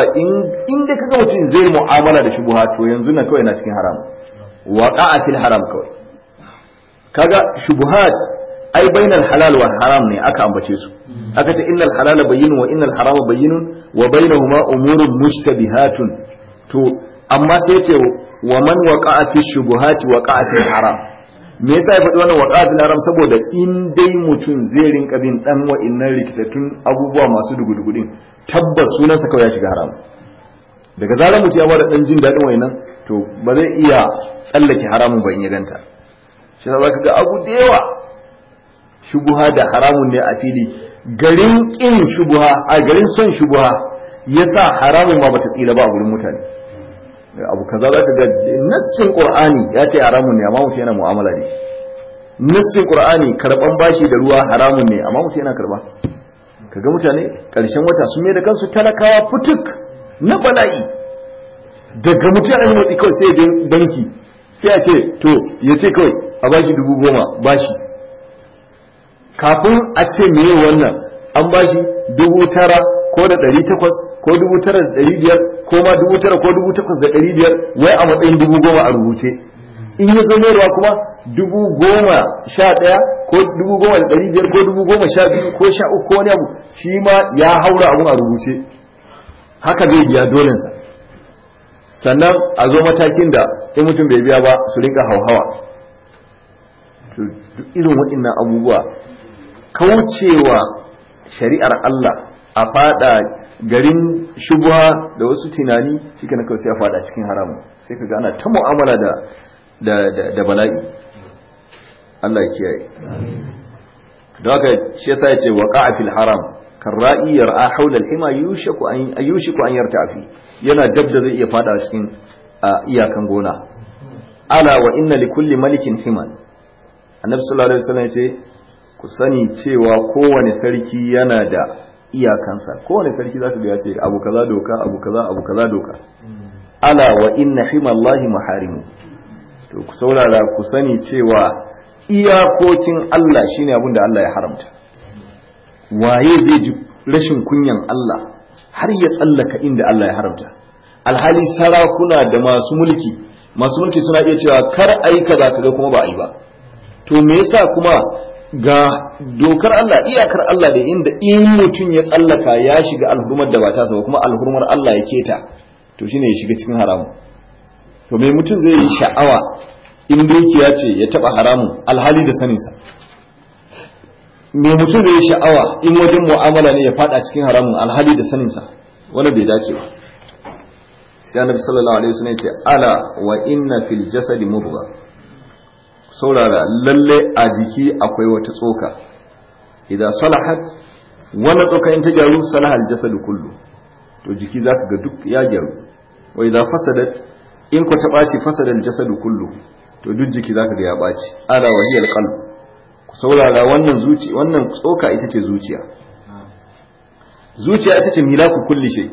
in da kaga mutum zai mu'amala da shubuha to yanzu na kawai na cikin haram a fil haram kawai kaga shubuhat ai bainal halal wal haram ne aka ambace su aka ce innal halala bayyinun wa innal harama bayyinun wa bainahuma umurun mushtabihatun to amma sai ce wa man waqa'a fi shubuhati waqa'a fi haram me yasa ya faɗi wannan waqa'a fi haram saboda in dai mutum zai rinka bin dan innal rikitatun abubuwa masu dugudugudin tabbas sunansa kawai ya shiga haram daga zarar mutum ya bada dan jin dadin wa'innan to ba zai iya tsallake haramun ba in ya ganta shi ka ga abu da yawa shubuha da haramun ne a fili garin ƙin shubuha a garin son shubuha ya sa haramun ma bata tsira ba a gurin mutane abu kaza za ka ga nassin qur'ani ya ce haramun ne amma mutum yana mu'amala da shi nassin qur'ani karban bashi da ruwa haramun ne amma mutum yana karba kaga mutane ƙarshen wata sun mai da kansu talakawa fituk na bala'i daga mutane motsi kawai sai banki sai a ce to ya ce kawai a baki dubu goma bashi kafin a ce meye wannan an bashi dubu tara ko da ɗari takwas ko dubu tara da ɗari biyar ko ma dubu tara ko dubu takwas da ɗari biyar wai a matsayin dubu goma a rubuce in ya zo kuma dubu goma sha ɗaya ko dubu goma da ɗari biyar ko dubu goma sha biyu ko sha uku ko wani abu shi ma ya haura abun a rubuce haka zai biya dolensa sannan a zo matakin da in mutum bai biya ba su rinka hauhawa irin waɗannan abubuwa kaucewa shari'ar Allah a fada garin shubha da wasu tunani shi na kawai sai a fada cikin haramun sai ka ana ta mu'amala da bala'i Allah ya kiyaye don haka shi yasa ya ce ka'a fil haram ya ra'a hawla al-hima yushiku an yushiku an yana dab da zai iya fada cikin iyakan gona ala wa inna likulli malikin himan annabi sallallahu alaihi wasallam ya ku sani cewa kowane sarki yana da iyakansa kowane sarki zaka ga biya ce abu kaza doka abu kaza abu kaza doka ala wa inna himallahi maharimu to ku saurara ku sani cewa iyakokin Allah shine abin da Allah ya haramta waye zai ji rashin kunyan Allah har ya tsallaka inda Allah ya haramta alhali sarakuna da masu mulki masu mulki suna iya cewa kar a yi kaza kuma ba a yi ba to me yasa kuma ga dokar Allah iyakar Allah da inda in mutum ya tsallaka ya shiga alhurmar da ba ta ba kuma alhurmar Allah ya keta to shine ya shiga cikin haramun to mai mutum zai yi sha'awa in ya ce ya taba haramun alhali da saninsa mai mutum zai yi sha'awa in wajen mu'amala ne ya fada cikin haramun alhali da saninsa wani bai dace ba sai annabi sallallahu alaihi wasallam ya ce ala wa inna fil jasadi mubghah saurara lalle a jiki akwai wata tsoka idan salahat wannan tsoka in ta gyaru salahal da kullu to jiki zaka ga duk ya gyaru wa idan fasadat in ku ta ɓaci fasadal da kullu to duk jiki zaka ga ya ɓaci ala wahiyal qalb ku saurara wannan zuci wannan tsoka ita ce zuciya zuciya ita ce milaku kulli shay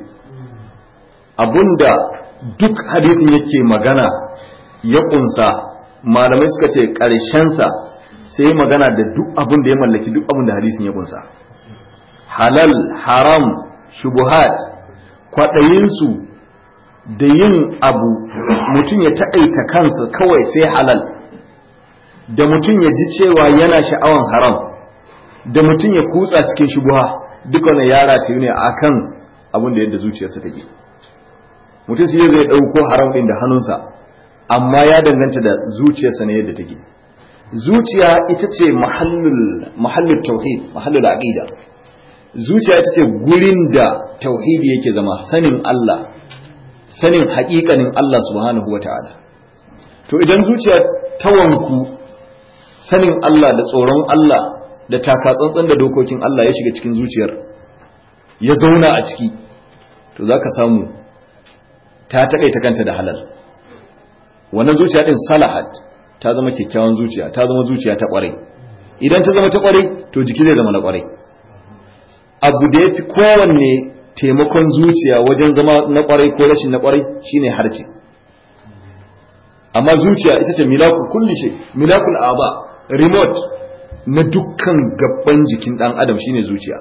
abunda duk hadisin yake magana ya kunsa malamai suka ce ƙarshensa sai magana da duk abin da ya mallaki duk abin da hadisin ya kunsa halal haram shubuhat kwaɗayinsu da yin abu mutum ya taƙaita kansa kawai sai halal da mutum ya ji cewa yana sha'awan haram da mutum ya kutsa cikin shubuha duk wani yara ta ne a kan abin da yadda zuciyarsa take mutum sai zai ɗauko haram ɗin da hannunsa amma ya danganta da zuciyarsa ne yadda take zuciya ita ce mahallin tauhid mahallin aqida zuciya ita ce gurin da tauhidi yake zama sanin Allah sanin haƙiƙanin Allah subhanahu wata'ala to idan zuciya ta wanku sanin Allah da tsoron Allah da takatsantsan da dokokin Allah ya shiga cikin zuciyar ya zauna a ciki to zaka samu ta taƙaita kanta da halal wannan zuciya din salahat ta zama kyakkyawan zuciya ta zama zuciya ta kwarai idan ta zama ta kwarai to jiki zai zama na kwarai abu da yafi kowanne taimakon zuciya wajen zama na kwarai ko rashin na kwarai shine harce amma zuciya ita ce milakul kulli shay milakul aba remote na dukkan gabban jikin dan adam shine zuciya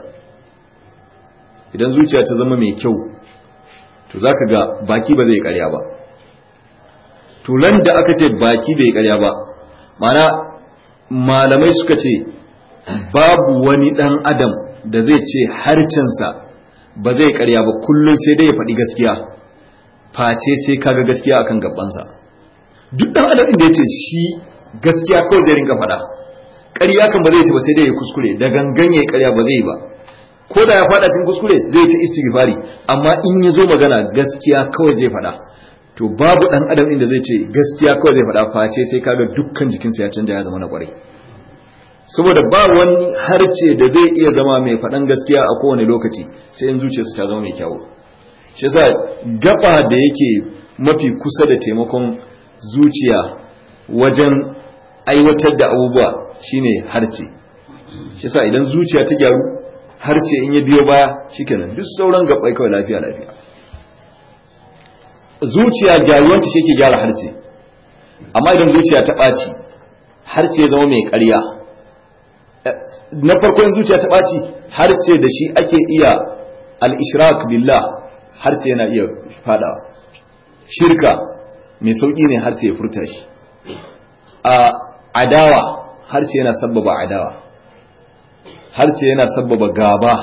idan zuciya ta zama mai kyau to zaka ga baki ba zai karya ba to nan da aka ce baki bai karya ba mana malamai suka ce babu wani dan adam da zai ce harcinsa ba zai karya ba kullum sai dai ya faɗi gaskiya face sai kaga gaskiya akan gabansa duk dan adam da ya ce shi gaskiya kawai zai rinka faɗa ƙarya kan ba zai ta ba sai dai ya kuskure da gangan ya karya ba zai ba ko da ya faɗa cikin kuskure zai ta istighfari amma in ya zo magana gaskiya kawai zai faɗa to babu dan adam inda zai ce gaskiya kawai zai faɗa face sai kaga dukkan jikinsa ya canja ya zama na kwarai saboda ba wani harce da zai iya zama mai faɗan gaskiya a kowane lokaci sai in zuciyarsa ta zama mai kyawu shi yasa gaba da yake mafi kusa da taimakon zuciya wajen aiwatar da abubuwa shine harce shi yasa idan zuciya ta gyaru harce in ya biyo baya shikenan duk sauran gabbai kawai lafiya lafiya zuciya gyaruwanta shi ke gyara harce amma idan zuciya ta ɓaci harce zama mai ƙarya na farko yin zuciya ta ɓaci harce da shi ake iya al-ishrak billah harce yana iya fadawa shirka mai sauƙi ne harce ya furta shi a adawa harce yana sabbaba adawa harce yana sabbaba gaba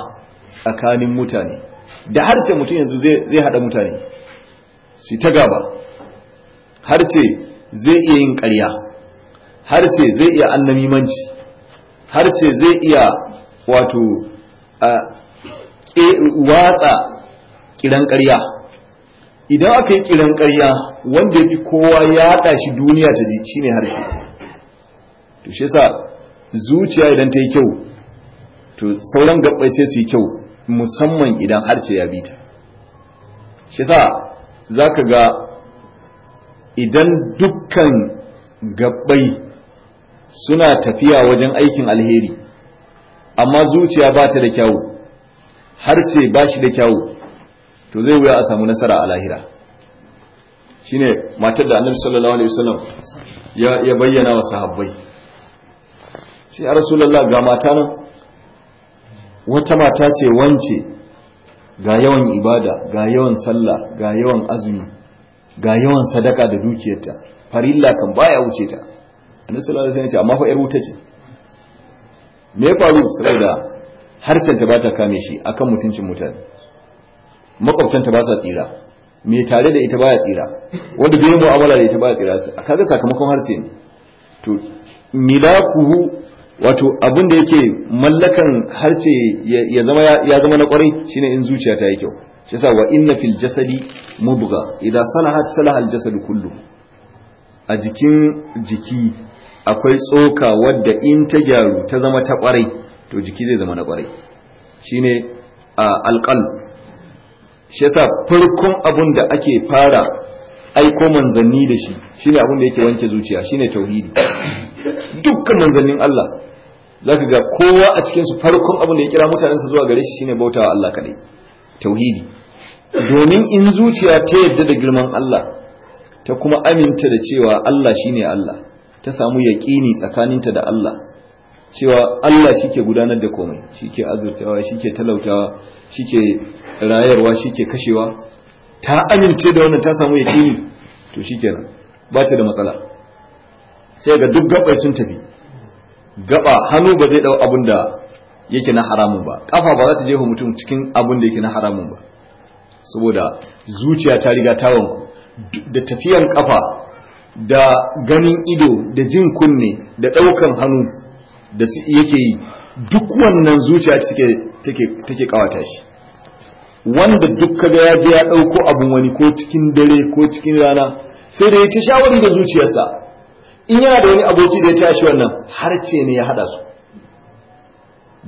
tsakanin mutane da harce mutum yanzu zai haɗa mutane su ta gaba har ce zai iya yin ƙarya har ce zai iya annamimanci har ce zai iya wato watsa ƙiran karya idan aka yi kiran karya wanda ya fi kowa ya haɗa shi duniya ta ji shine harshe to shi sa zuciya idan ta yi kyau to sauran gabbai sai su yi kyau musamman idan harshe ya bi ta shi sa za ka ga idan dukkan gabbai suna tafiya wajen aikin alheri amma zuciya ba ta da kyawu har ce ba shi da kyawu to zai wuya a samu nasara a lahira shine matar da annabi sallallahu alaihi wasallam ya bayyana wa sahabbai sai rasu ga mata nan wata mata ce wance ga yawan ibada ga yawan sallah ga yawan azumi ga yawan sadaka da dukiyarta farilla kan baya wuce ta annabi sallallahu alaihi wasallam ya ce amma fa yar wuta ce me ya faru saboda harcen ta ta kame shi akan mutuncin mutane makwabtanta ba sa tsira me tare da ita ba ya tsira wanda mu mu'amala da ita ba ya tsira kaga sakamakon harce ne to milakuhu wato abin da yake mallakan harce ya zama ya zama na kwarai shine in zuciya ta yi kyau shi yasa wa inna fil jasadi mudgha idan salahat salaha al jasad kullu a jikin jiki akwai tsoka wadda in ta gyaru ta zama ta kwarai to jiki zai zama na kwarai shine alqal shi yasa farkon abin da ake fara aiko manzanni da shi shine abin da yake wanke zuciya shine tauhidi dukkan manzannin Allah zaka ga kowa a cikin su farkon abin da ya kira mutanensa zuwa gare shi shine bautawa Allah kadai tauhidi domin in zuciya ta yadda da girman Allah ta kuma aminta da cewa Allah shine Allah ta samu yaƙini tsakaninta da Allah cewa Allah shike gudanar da komai shike azurtawa shike talautawa shike rayarwa shike kashewa ta amince da wannan ta samu yaƙini to shikenan ba ta da matsala sai ga duk gabai sun tafi gaba hannu ba zai dau abin da yake na haramun ba kafa ba za ta jefa mutum cikin abin da yake na haramun ba saboda zuciya ta riga ta da tafiyan kafa da ganin ido da jin kunne da daukan hannu da yake yi duk wannan zuciya take take take kawata shi wanda duk kaga ya je ya dauko abun wani ko cikin dare ko cikin rana sai da ya ta shawari da zuciyarsa in yana da wani aboki da ya tashi wannan har ce ne ya hada su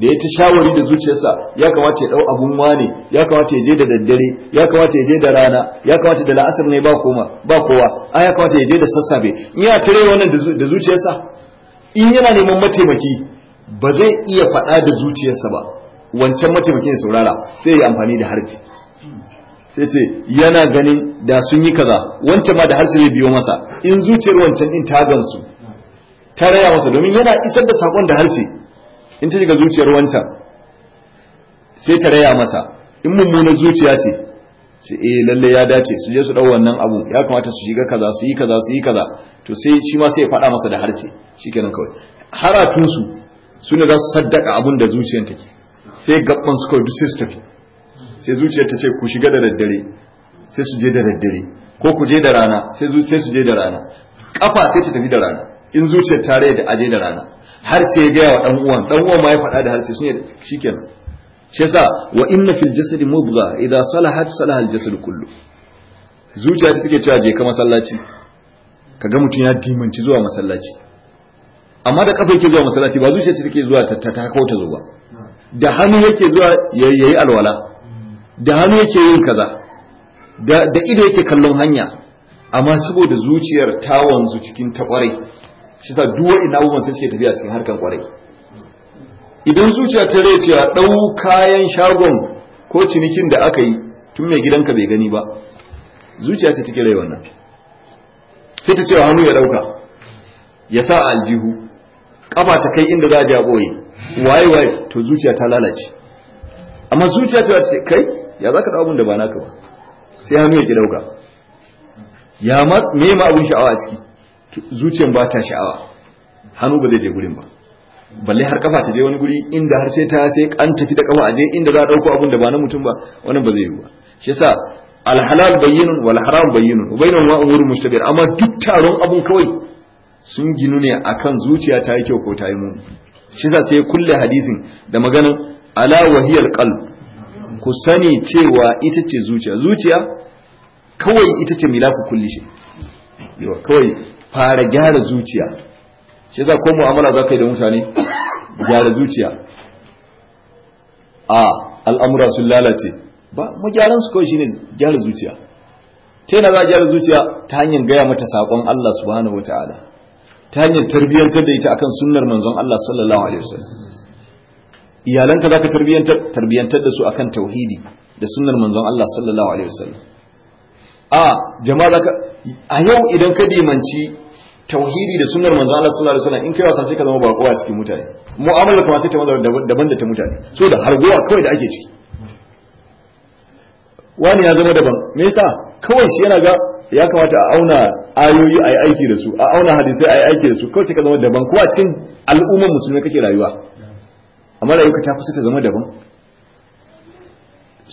da ya ta shawari da zuciyarsa ya kamata ya dau abun wane ya kamata ya je da daddare ya kamata ya je da rana ya kamata da la'asar ne ba koma ba kowa a ya kamata ya je da sassafe in ya tare wannan da zuciyarsa in yana neman mataimaki ba zai iya faɗa da zuciyarsa ba wancan mataimakin saurara sai ya amfani da harfi sai ce yana ganin da sun yi kaza wancan ma da harshe zai biyo masa in zuciyar wancan din ta gamsu ta raya masa domin yana isar da sakon da harshe in ta shiga zuciyar wancan sai ta raya masa in mummunar zuciya ce ce eh lalle ya dace su je su dau wannan abu ya kamata su shiga kaza su yi kaza su yi kaza to sai shi ma sai ya faɗa masa da harshe shikenan kawai haratun su sune za su saddaka abun da zuciyar take sai gabban su kawai duk sai su tafi sai zuciyar ta ce ku shiga da daddare sai su je da daddare ko ku je da rana sai sai su je da rana kafa sai ta tafi da rana in zuciyar ta da aje da rana har ce ya gaya wa dan uwan dan uwan ma ya faɗa da harshe shine shikenan shi yasa wa inna fil jasadi mudgha idza salahat salaha al jasad kullu zuciya ta take cewa je ka masallaci kaga mutum ya dimanci zuwa masallaci amma da kafa yake zuwa masallaci ba zuciya ta take zuwa ta ta kawo ta zo ba da hannu yake zuwa yayi alwala da hannu yake yin kaza da ido yake kallon hanya amma saboda zuciyar ta wanzu cikin ta kwarai shi sa duwa ina abubuwan sai suke tafiya cikin harkar kwarai idan zuciya ta reciya ɗau kayan shagon ko cinikin da aka yi tun mai gidanka bai gani ba zuciya ce take rai wannan sai ta cewa hannu ya ɗauka ya sa aljihu kafa ta kai inda za a ja ɓoye waye waye to zuciya ta lalace amma zuciya ta ce kai ya za ka abun da ba naka ba sai hannu ya mai gidauka ya ma me ma abun sha'awa a ciki zuciyan ba ta sha'awa hannu ba zai je gurin ba balle har kafa ta je wani guri inda har sai ta sai kan tafi da kafa a je inda za a dauko abun da ba na mutum ba wannan ba zai yi ba shi yasa alhalal bayyinun wal haram bayyinun bainahum ma umurun mushtabih amma duk taron abun kawai sun ginu ne akan zuciya ta yi kyau ko ta yi muni shi sa sai kulle hadisin da maganin ala wahiyar qalb ku sani cewa ita ce zuciya zuciya kawai ita ce milaku kulli shi yawa kawai fara gyara zuciya shi za ko mu'amala za ka yi da mutane gyara zuciya a al'amura sun lalace ba mu gyaran su kawai shine gyara zuciya ta yana za a gyara zuciya ta hanyar gaya mata saƙon Allah subhanahu wa ta'ala ta hanyar tarbiyyantar da ita akan sunnar manzon Allah sallallahu alaihi wasallam iyalanka zaka tarbiyantar tarbiyantar da su akan tauhidi da sunnar manzon Allah sallallahu alaihi wasallam a jama'a zaka a yau idan ka dimanci tauhidi da sunnar manzon Allah sallallahu alaihi wasallam in kai wasa sai ka zama bako a cikin mutane mu'amala kuma sai ta maza daban da ta mutane so da hargowa kawai da ake ciki wani ya zama daban me yasa kawai shi yana ga ya kamata a auna ayoyi a yi aiki da su a auna hadisai a yi aiki da su kawai sai ka zama daban kuma cikin al'ummar musulmi kake rayuwa amma rayuka ta kusa ta zama daban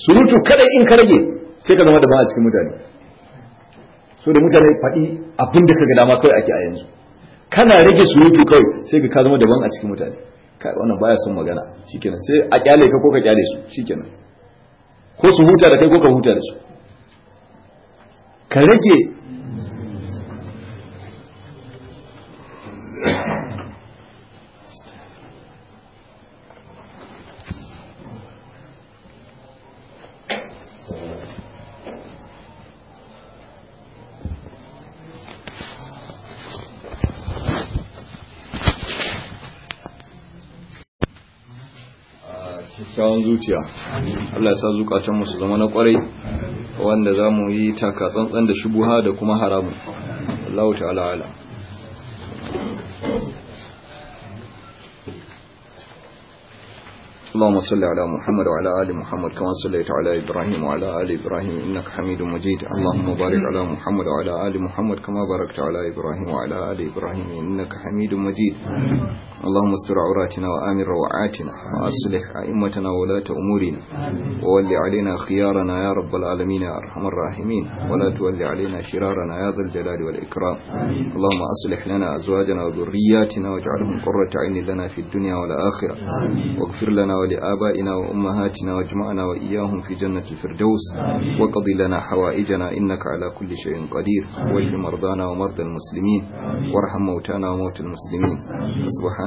surutu kadai in ka rage sai ka zama daban a cikin mutane so da mutane faɗi abin da ka ga dama kawai ake a yanzu kana rage surutu kawai sai ka zama daban a cikin mutane kai wannan baya son magana shikenan sai a kyale ka ko ka kyale su shikenan ko su huta da kai ko ka huta da su ka rage zuciya Allah ya sa zukatan mu na kwarai wanda za yi taka tsantsan da shubuha da Muhammad wa ala ali Muhammad kama sallaita ala Ibrahim wa ala ali Ibrahim innaka Hamidum Majid Allahumma barik ala Muhammad wa ala ali Muhammad kama barakta ala Ibrahim wa ala ali Ibrahim innaka Hamidum Majid Amin اللهم استر عوراتنا وآمن روعاتنا وأصلح أئمتنا وولاة أمورنا وول علينا خيارنا يا رب العالمين يا أرحم الراحمين ولا تولي علينا شرارنا يا ذا الجلال والإكرام اللهم أصلح لنا أزواجنا وذرياتنا واجعلهم قرة عين لنا في الدنيا والآخرة واغفر لنا ولآبائنا وأمهاتنا واجمعنا وإياهم في جنة الفردوس وقضي لنا حوائجنا إنك على كل شيء قدير واشف مرضانا ومرضى المسلمين وارحم موتانا وموت المسلمين سبحان